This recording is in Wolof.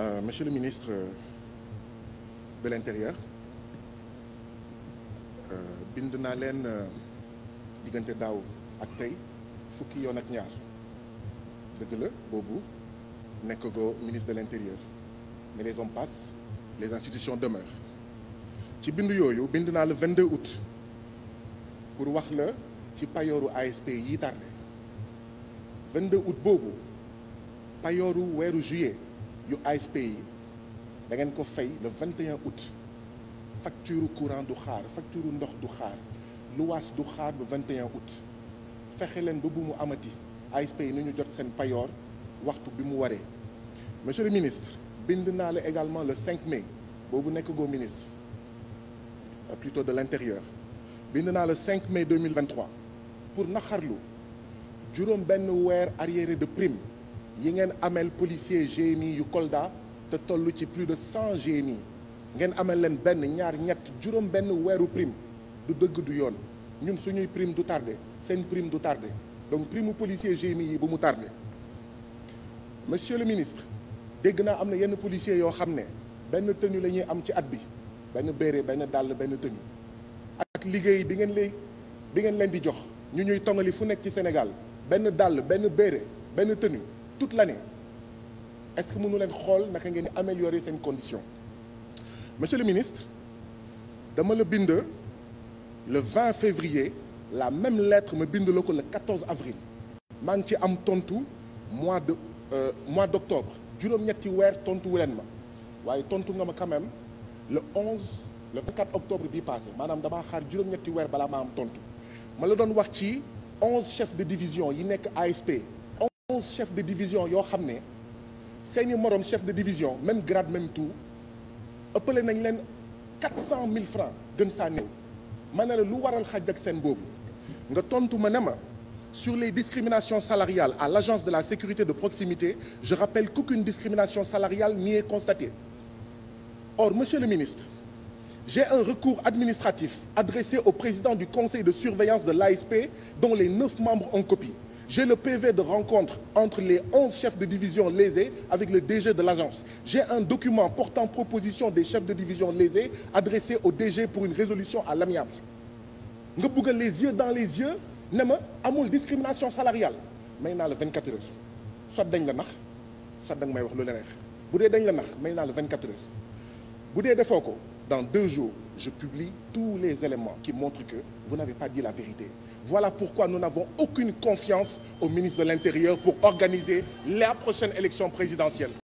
Euh, monsieur le ministre euh, de l'Intérieur euh, bind naa leen diggante daaw ak tey fukki yoon ak ñaar dëgg la boobu nekk go ministre de l'Intérieur mais les hommes passent les institutions demeurent ci bind yooyu bind naa le 22 août pour wax la ci payooru ASP yi tardé 22 boobu payooru weeru juillet yu ASP yi da ngeen ko fay le 21 août facture courant du xaar facture ndox du xaar luwaas du xaar ba 21 août fexe leen ba bu mu amati ASP yi nañu jot seen payoor waxtu bi mu waree monsieur le ministre bind naa la également le 5 mai boobu nekk goo ministre euh, plutôt de l'intérieur bind naa le 5 mai 2023 pour naxarlu juróom benn weer arriéré de prime yi ngeen amel policier GMI yu Kolda te toll ci plus de cent GMI ngeen amel leen benn ñaar ñett juróom benn weeru prime du dëgg du yoon ñun suñuy prime du tardé seen prime du tardé donc prime policier GMI yi bu mu tardé monsieur le ministre dégg naa am na yenn policier yoo xam ne benn tenue la ñuy am ci at bi benn béret benn dàll benn tenue ak liggéey bi ngeen lay bi ngeen leen di jox ñu ñuy tongali fu nekk ci Sénégal benn dàll benn béret benn tenue toute l'année est-ce que mënu leen xool naka ngeen di améliorer seen condition monsieur le ministre dama la bind le 20 février la même lettre ma bind la ko le 14 avril maa ngi ci am tontu mois de euh, mois d'octobre juróom-ñetti weer tontu wu leen ma waaye tontu nga ma quand le 11 le 24 octobre bii passé maanaam damaa xaar juróom-ñetti weer balaa ma am tontu ma la doon wax ci 11 chefs de division yi nekk AFP. onze chefs de division yoo xam ne seeni moroom chef de division même grade même tout ëppale nañ leen quatre cent mille francs gën saa ne la lu waral xaj ak seen boobu nga tontu ma ne ma sur les discriminations salariales à l'agence de la sécurité de proximité je rappelle qu'aucune discrimination salariale n'y est constatée or monsieur le ministre j'ai un recours administratif adressé au président du conseil de surveillance de l'ASP dont les neuf membres ont copie J'ai le PV de rencontre entre les 11 chefs de division lésés avec le DG de l'agence. J'ai un document portant proposition des chefs de division lésés adressé au DG pour une résolution à l'amiable. nga bëgg a les yeux dans les yeux ne ma amul discrimination salariale may naa la 24 heures soit dañ la nax soit da nga may wax lu la neex bu dañ la nax may naa la 24 heures bu dee defoo ko dans deux jours je publie tous les éléments qui montrent que vous n'avez pas dit la vérité. Voilà pourquoi nous n'avons aucune confiance au ministre de l'Intérieur pour organiser la prochaine élection présidentielle.